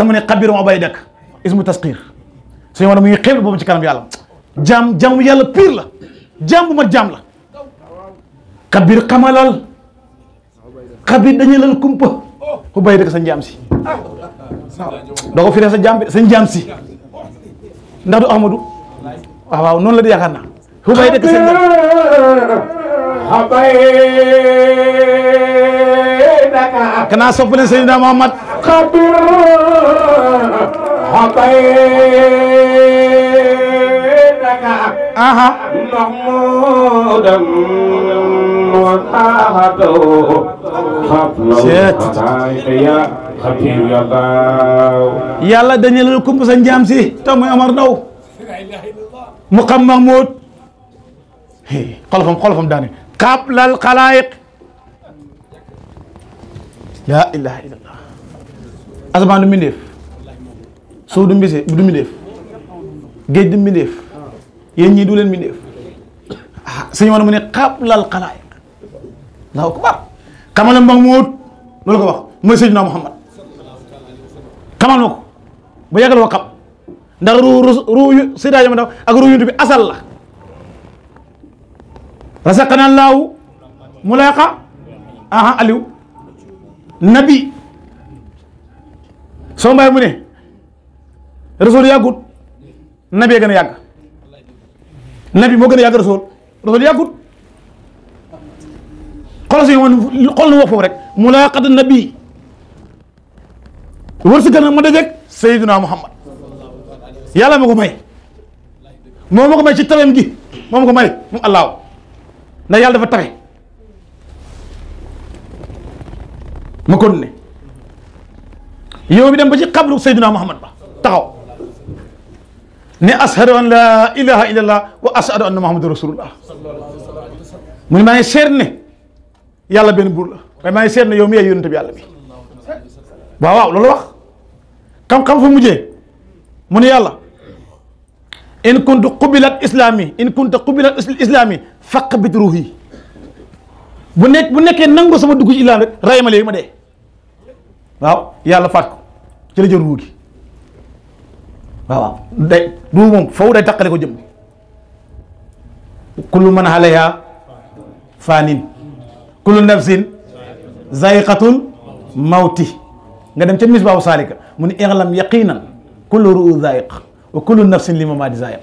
sama ne xabirum dak ismu tasqir sey wona muy xel bobu ci kanam yalla jam jam yalla pire la jam bu ma jam la qamalal qabir dañu lan kumpa ku bay dak sa jam si da ko firee sa jam sa jam si ndax du ahmadu waaw ah, waaw noonu la di yakarna naa ku bay dak sa jam xabay naka kana sopule sayyidina muhammad قدر حطيتك أها محمودا وصاحته خفل يا خفيف يا الله يلا دنيا لكم بس نجام سي تم يا مرنو مقام محمود قلفهم قلفهم داني قبل الخلائق لا إله إلا الله asamaan du mbindeef suuf du mbise du mbindeef géej du mbindeef yéen ñii mbindeef ah suñu mu ne xablal xalaay allahu akbar xamal la mbaam moot loolu ko wax mooy Seydina Muhammad xamal ma ba yàggal ko xam ndax ruu ruu yu Seydina Muhammad ak ruu yuntu bi asal la rasaqana allahu mulaaqa aha aliou nabi sama baay mu ne rasul yàggut nabee gën a yàgg nabi moo gën a rasul rasul yàggut xoolal si man xool na wax foofu rek mulaqat nabi wër si kanam ma dajeeg Seydina Muhammad yàlla ma ko may moo ma ko may ci tawam gi moo ma ko may moom allaaw ndax yàlla dafa tawe ma kon yow mi dem ba ci xabru sayduna muhammad ba taxaw ne ashadu an laa ilaha illallah wa ashadu anna muhammadu rasulullah mu maa ngi seet ne yàlla benn maa ngi seet ne yow mi yaay yónnent bi bi waaw waaw loolu wax xam-xam fu mujjee mu ne yàlla in kuntu qubilat islami in kuntu qubilat islami faqbit ruuhi bu nekk bu nekkee nangu sama dugg ci islam rek ray ma léegi waaw yàlla faat ci la jor wuti waaw waaw day ruu moom faw day takale ko jëm kullu man halaya fanin kullu nafsin zaiqatul mawti nga dem ci misbahu salika mun ni yaqinan kullu ruu zaiq wa kullu nafsin lima ma zaiq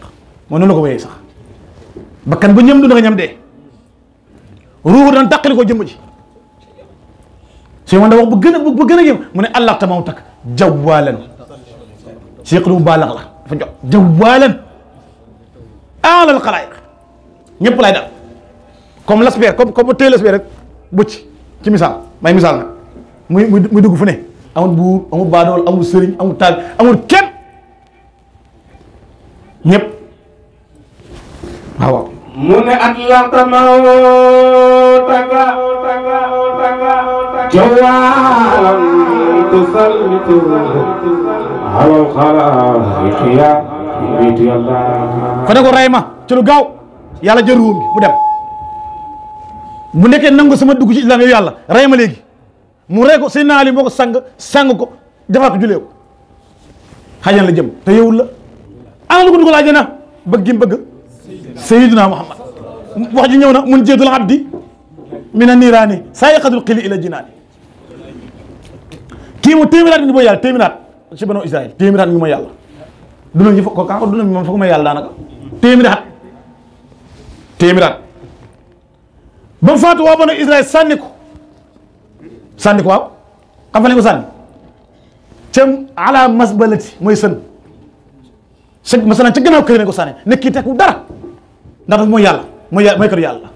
moo noonu ko waye sax bakkan bu ñëm du nga ñam de ruhu dan tàqali ko jëm ci su man da wax bu gëna bu gëna a yëm mu ne allah tamawtak jawwaalan siqlu mubaalax la dafa jox jawwaalan alal xalaay ñëpp lay dal comme l'asper comme comme tey l'asper rek bucc ci misaal may misaal nag muy muy dugg fu ne amul buur amul baadool amul sëriñ amul taal amul kenn ñëpp waaw waaw mu ne at laa tamaw taga taga taga jawwaa alal xalaat ko ne ko rey ma ci lu gaaw yàlla jël ruum bi mu dem bu nekkee nangu sama dugg ci islam yow yàlla rey ma léegi mu rey ko Seydina Ali moo ko sang sang ko defar ko julee ko xajan la jëm te yowul la ana lu ko dugal àjjana bëgg bëgg Seydina Muhammad wax ji ñëw na mun jeedul abdi mina niiraani saa yaqadul xili ila jinaani kii moom téeméer at mi ngi may yàlla téeméer at ci banu Israël téeméer at duna ñu fa ko kaa duna moom foog may yàlla daanaka ba mu faatu waa ko sànni ko waaw xam fa lañ ko sànni cam ala masbalati mooy sën sëg masalan ca gannaaw kër lañ ko sànni ne kii tekku dara ndax daf mooy yàlla mooy yàlla mooy kër yàlla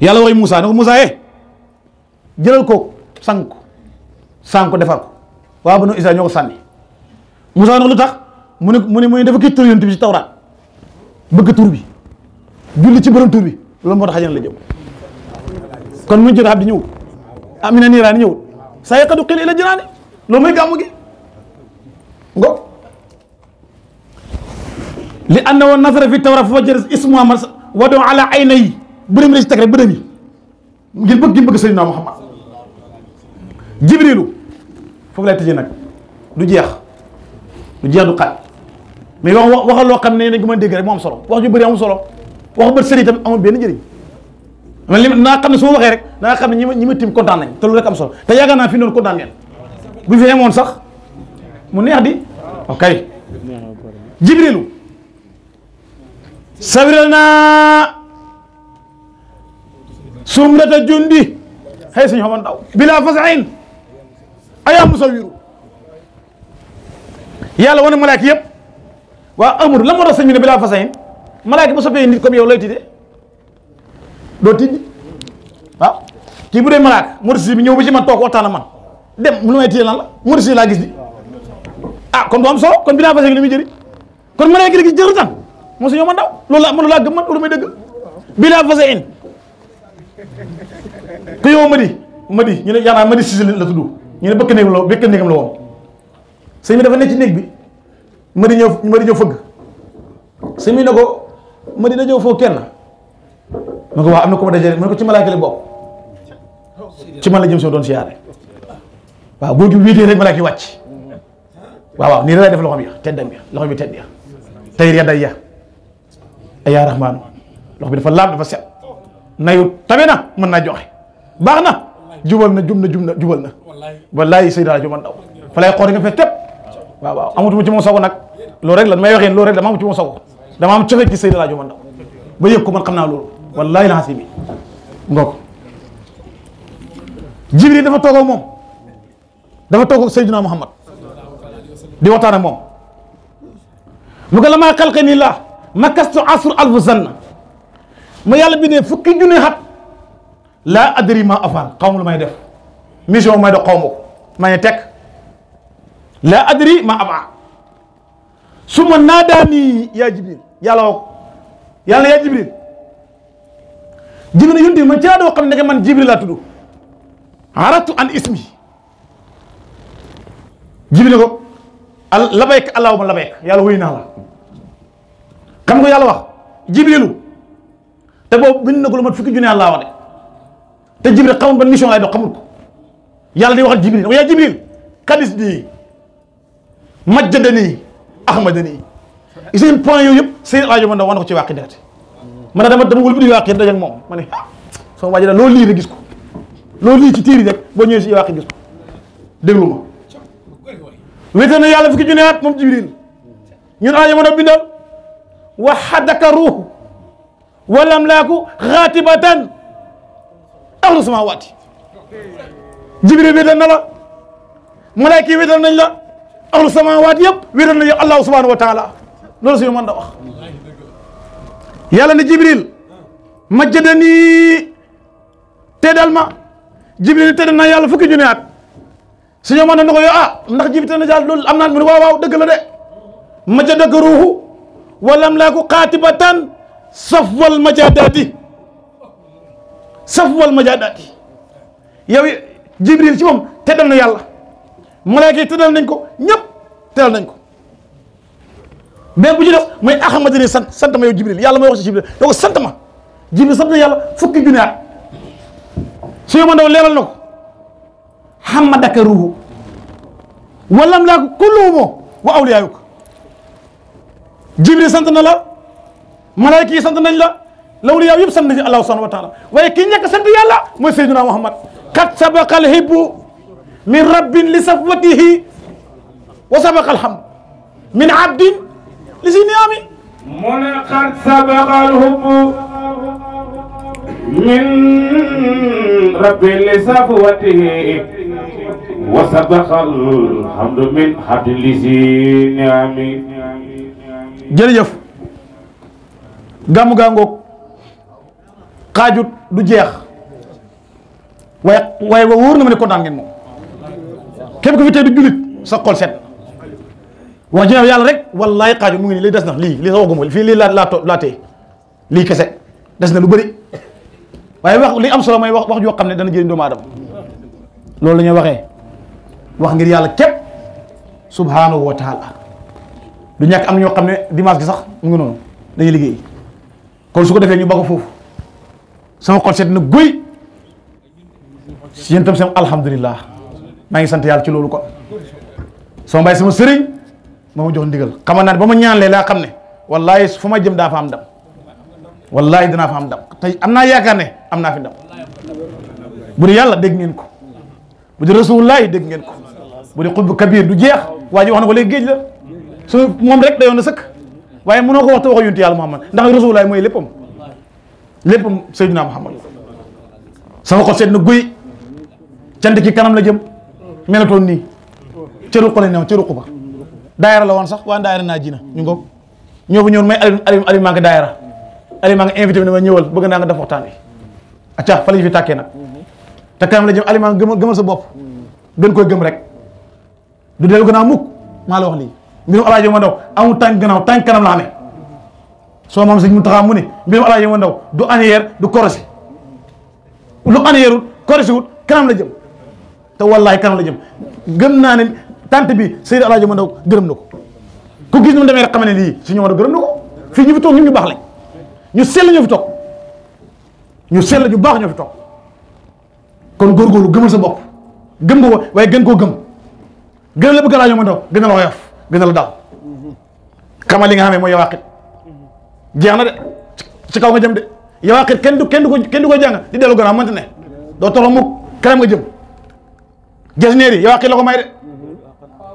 yàlla waxi Moussa ne ko Moussa eh sànq sànq defar ko waa banu Israël ñoo ko sànni Moussa nag lu tax mu ne mu ne mu ne dafa kii tur yonent bi ci bëgg tur bi julli ci borom tur bi loolu moo tax ajana la jëm kon mu jot xam di ñëw amina niiraani ñëwul saa yaqadu xil ila jinaani loolu mooy gàmmu gi ngo li anna wa nasara fi tawra fa jël ismu amal wa ala ay na yi bërëm la ci teg bërëm yi bëgg gi bëgg Seydina Muhammad jibrilu foofu lay tejé nak du jeex du jeex du xat mais wax waxal lo xamné ne dañ dégg rek mo am solo wax ju bari am solo wax bët sëriñ tam am ben njëriñ man li na xamné ne su ma rek na xamné ñima ñima ma ñi ma tim kontaan nañ té lu rek am solo té yaga na fi noonu kontaan ngeen bu fi amoon sax mu neex di ok jibrilu sabrana sumrata jundi hay suñu xamantaw bila fasain ayaa musawiru yàlla wane malaaka la moo tax sëñ bi ne bilaa fasayin malaaka bu soppee nit comme yow lay tiddee doo tidd waaw kii bu dee malaaka morsi bi ñëw ba ci man toog waxtaan ak man dem lu may la morsi laa gis di ah kon du am solo kon bilaa fasayin lu muy jëriñ kon malaaka la gis jërë tan mosu ñoo ma ndaw loolu la mënu laa gëm man loolu may dëgg bilaa fasayin ku yow ma di ma di ñu ne ma di sisi la tudd ñu ne bëkk néegam la bëkk néegam la woon sëñ bi dafa ne ci néeg bi ma di ñëw ma di ñëw fëgg sëñ bi ne ma di dajoo foo kenn mu ko wax am na ko ma dajale mu ne ko ci malaaka la bokk ci man la jëm soo doon siyaare waaw boo ju wàcc waaw waaw nii da def loxo bi teddam ya loxo bi tedd ya tayir ya day ya ay yaa rahmaan loxo bi dafa laab dafa set nayu tabe na mën naa joxe baax na jubal na jub na jub na jubal na wallaay Seydina Juman Ndaw fa lay xool nga fekk képp waaw waaw amatuma ci moom sago nag loolu rek la may waxee loolu rek dama am ci moom sago dama am cofe ci Seydina Juman Ndaw ba yëg ko man xam naa loolu wallaay laxasi bi ngoog Jibril dafa toog moom dafa toog ak Seydina Muhammad di waxtaan moom mu ko la maa xalqani laa asru alfu ma yàlla bi fukki junni xat la adri ma afaan xaw lu may def mission may def xaw ma ko ma ne adri ma afaan su ma naadaa nii yaa jibril yàlla woo yàlla yaa jibril jibril yunti man ci laa doo xam ne man jibril laa tudd aratu an ismi jibril ko al labayk allahumma labayk yàlla wuy naa la xam nga yàlla wax jibrilu te boobu bind na ko lu mat fukki junne wax de te jibril xamul ban mission lay dox xamul ko yàlla di waxal jibril yaa jibril xadis nii majjada nii ahmada nii seen point yooyu yëpp seen aajo man da wan ko ci waaqi ndekete man a dama dama wul bi di waaqi dajeeg moom ma ne ah sama waa ji daal loolu lii rek gis ko loolu lii ci tiir yi rek boo ñëwee si waaqi gis ko déglu ma wéete na yàlla fukki junne at moom jibril ñun aajo man a bindal waxadaka ruuxu walam laaku xaatibatan ahlu samawaati jibril wéetal na la malaayka yi wéetal nañ la ahlu samawaati yëpp wéetal nañ la allahu subhanahu wa taala loolu suñu mën da wax teedal ma jibril teedal na yàlla fukki junni at suñu mën na ko yow ah ndax jibril teedal na yàlla loolu am naan mu ne waaw waaw dëgg la de majjadaka ruuhu walam laa ko xaatibatan safwal majadati saf wal majaadaati yow jibril ci moom teddal na yàlla malaaka yi teddal nañ ko ñëpp teddal nañ ko benn bu ci def mooy axamadani sant sant ma yow jibril yàlla may wax jibril da ko sant ma jibril sant na yàlla fukki junni at su ma ndaw leeral na ko xamadaka ruuhu walam laa ko kulluhumoo wa awliyaayuk jibril sant na la malaaka yi sant nañ la lawlu yaaw yëpp sant na ci allah subhanahu wa taala waaye kii ñàkk sant yàlla mooy sayyiduna muhammad kat sabaqal hibbu min rabbin li safwatihi wa sabaqal hamd min abdin li si niyaami mu ne kat sabaqal hubbu min rabbin li safwatihi wa sabaqal hamdu min abdin li si niyaami jërëjëf gàmmu gaa ngoog xaajut du jeex waaye waaye ba wóor na ma ne kontaan ngeen moom képp ku fi tey du jullit sa xol set wax jëne yàlla rek wallaay xaajut mu ngi nii lii des na lii lii sa waxguma fii lii laa laa lii kese des na lu bëri waaye wax li am solo mooy wax wax joo xam ne dana jëriñ doomu aadama loolu la waxee wax ngir yàlla képp subhanahu wa taala du ñàkk am ñoo xam ne dimanche gi sax mu ngi noonu dañuy liggéey kon su ko defee ñu ba foofu sama xol seet na guy si yéen itam sama alhamdulilah maa ngi sant yàlla ci loolu ko sama bàyyi sama sëriñ moo jox ndigal xamal naa ne ba ma ñaanlee laa xam ne wallaahi fu ma jëm daa fa am ndam wallaahi dinaa fa am ndam tey am naa yaakaar ne am naa fi ndam bu dee yàlla dégg ngeen ko bu dee rasulullaahi dégg ngeen ko bu dee xutbu kabir du jeex waa ji wax na ko léegi géej la su moom rek dayoon na sëkk waaye mënoo ko wax te waxoo yunti yàlla Muhammad ndax rasulullaahi mooy léppam lépp Seydina Muhammad sama ko seet na guy cant ki kanam la jëm melatoon nii ca ruq la newoon ca ruq ba la woon sax waa daayara naa ji na ñu ngoog ñoo ko ñëwoon may Aliou Aliou maa ngi daayara Aliou ma ñëwal bëgg naa def waxtaan wi acca fa la ñu fi sa bopp gën koy gëm rek du dellu gannaaw mukk maa la wax lii mbirum alaajo ma daw amul tànk gannaaw tànk kanam la amee so mom seigne muntaxa mu ne ala alaaji ma ndaw du anier du korosé lu anièreul korosé wut kanam la jëm te wallahi kanam la jëm gëm na ne tante bi seydi ala ma ndaw gërëm nako ku gis ñu demee rek xamane li suñu war a gërëm na ko ñu fi toog ñun ñu bax lañ ñu sel ñu fi tok ñu sel ju bax ñu fi tok kon gor gor lu gëmal sa bop gëm nga way gën ko gëm gën la bëgg alaaji ma ndaw gën la wayof gën la dal kama li nga xamé mooy yow jeex na de ci kaw nga jëm de yow aaxir kenn du kenn ko kenn du ko jàng di dellu gannaaw mënta ne doo tolloo mu kanam nga jëm gestionnaire yi yow aaxir la ko may de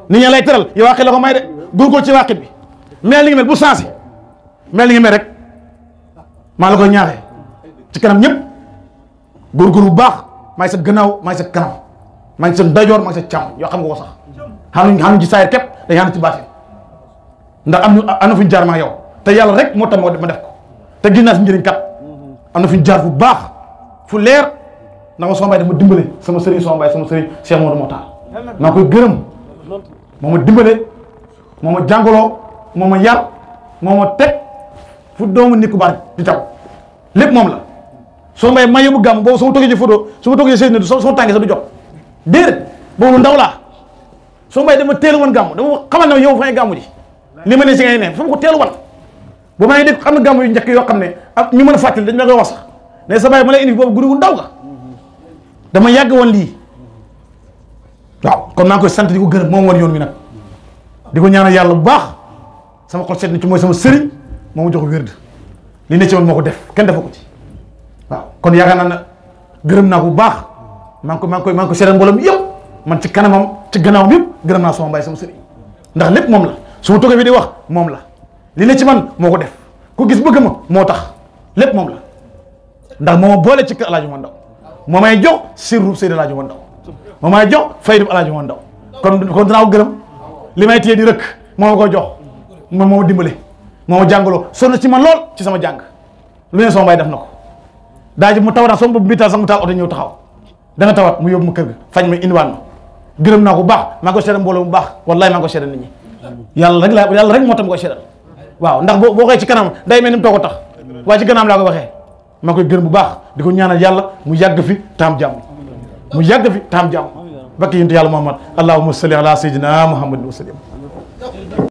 nit ñi lay tëral yow aaxir la ko may de góorgóorlu ci waaxit bi mel li nga mel bu sensé mel li nga mel rek maa la koy ñaaxee kenam kanam ñëpp góorgóorlu bu baax maa ngi sa gannaaw maa ngi sa kanam maa ngi sa ndajoor maa ngi sa xam nga ko sax xaanuñ xaanuñ ci saayir képp dañu xaanu ci baatin ndax am na am na fu ñu jaar ma yow. te yàlla rek moo tax ma def ko te gis naa si njëriñ kat am na fu ñu jaar fu baax fu leer ndax ma Soxna Mbaye dama dimbale sama sëriñ Soxna Mbaye sama sëriñ Cheikh Mamadou Mokhtar maa koy gërëm moo ma dimbale moo ma moo ma yar moo ma teg fu doomu nit ku di taw lépp moom la Soxna Mbaye ma yóbbu gàmm boobu su ma toogee ci photo su ma toogee ci seen so sama tàngee sa du jot déedéet boobu ndaw laa Soxna Mbaye dama teel woon gàmm dama xamal ne yow fa ngay gàmm ji li ma ne si ngay ne fa ko teel woon bu may nek xam nga gàmm yu njëkk yoo xam ak ñu mëna fatil dañ ma koy wax sax ne sa bay ma lay indi bobu guddi gu ndaw nga dama yàgg won li waaw kon na koy sant diko ko gërëm moom woon yoon wi nak diko ñaanal yalla bu baax sama xol seet ci moy sama sëriñ moo ma jox wërd li ne ci won moko def kenn defako ci waaw kon yaaka na ne gërëm naa ko bu baax man ko man ko man ko seetal mbooloo yëm man ci kanamam ci gënaaw yëpp gërëm na sama bay sama sëriñ ndax lepp mom la suma toge bi di wax mom la li ne ci man moo ko def ku gis bëgg ma moo tax lépp moom la ndax moo ma boole ci kër El Hadj Mandaw moo may jox sirru Seydi El Hadj Mandaw moo may jox faydu El Hadj kon kon dinaa ko gërëm li may téye di rëkk moo ma ko jox moom moo ma dimbale moo ma jàngaloo sonn ci man lool ci sama jàng lu ne sama baay def na ko daa ji mu taw naa sama bopp mbital sax mu taal oto ñëw taxaw da nga mu yóbbu ma kër ga fañ ma indiwaan ma gërëm naa ko baax maa ngi ko seedal mbooloo bu baax wallahi maa ngi ko seedal nit ñi laa yàlla rek moo tam ko seedal waaw ndax boo boo xee ci kanam day mel ni mu toog a tax waaye ci kanam laa ko waxee maa koy gën bu baax di ko ñaanal yàlla mu yàgg fi taam jàmm mu yàgg fi taam jàmm bakki yonent yàlla Muhammad allahumma salli ala sayyidina Muhammad wa sallim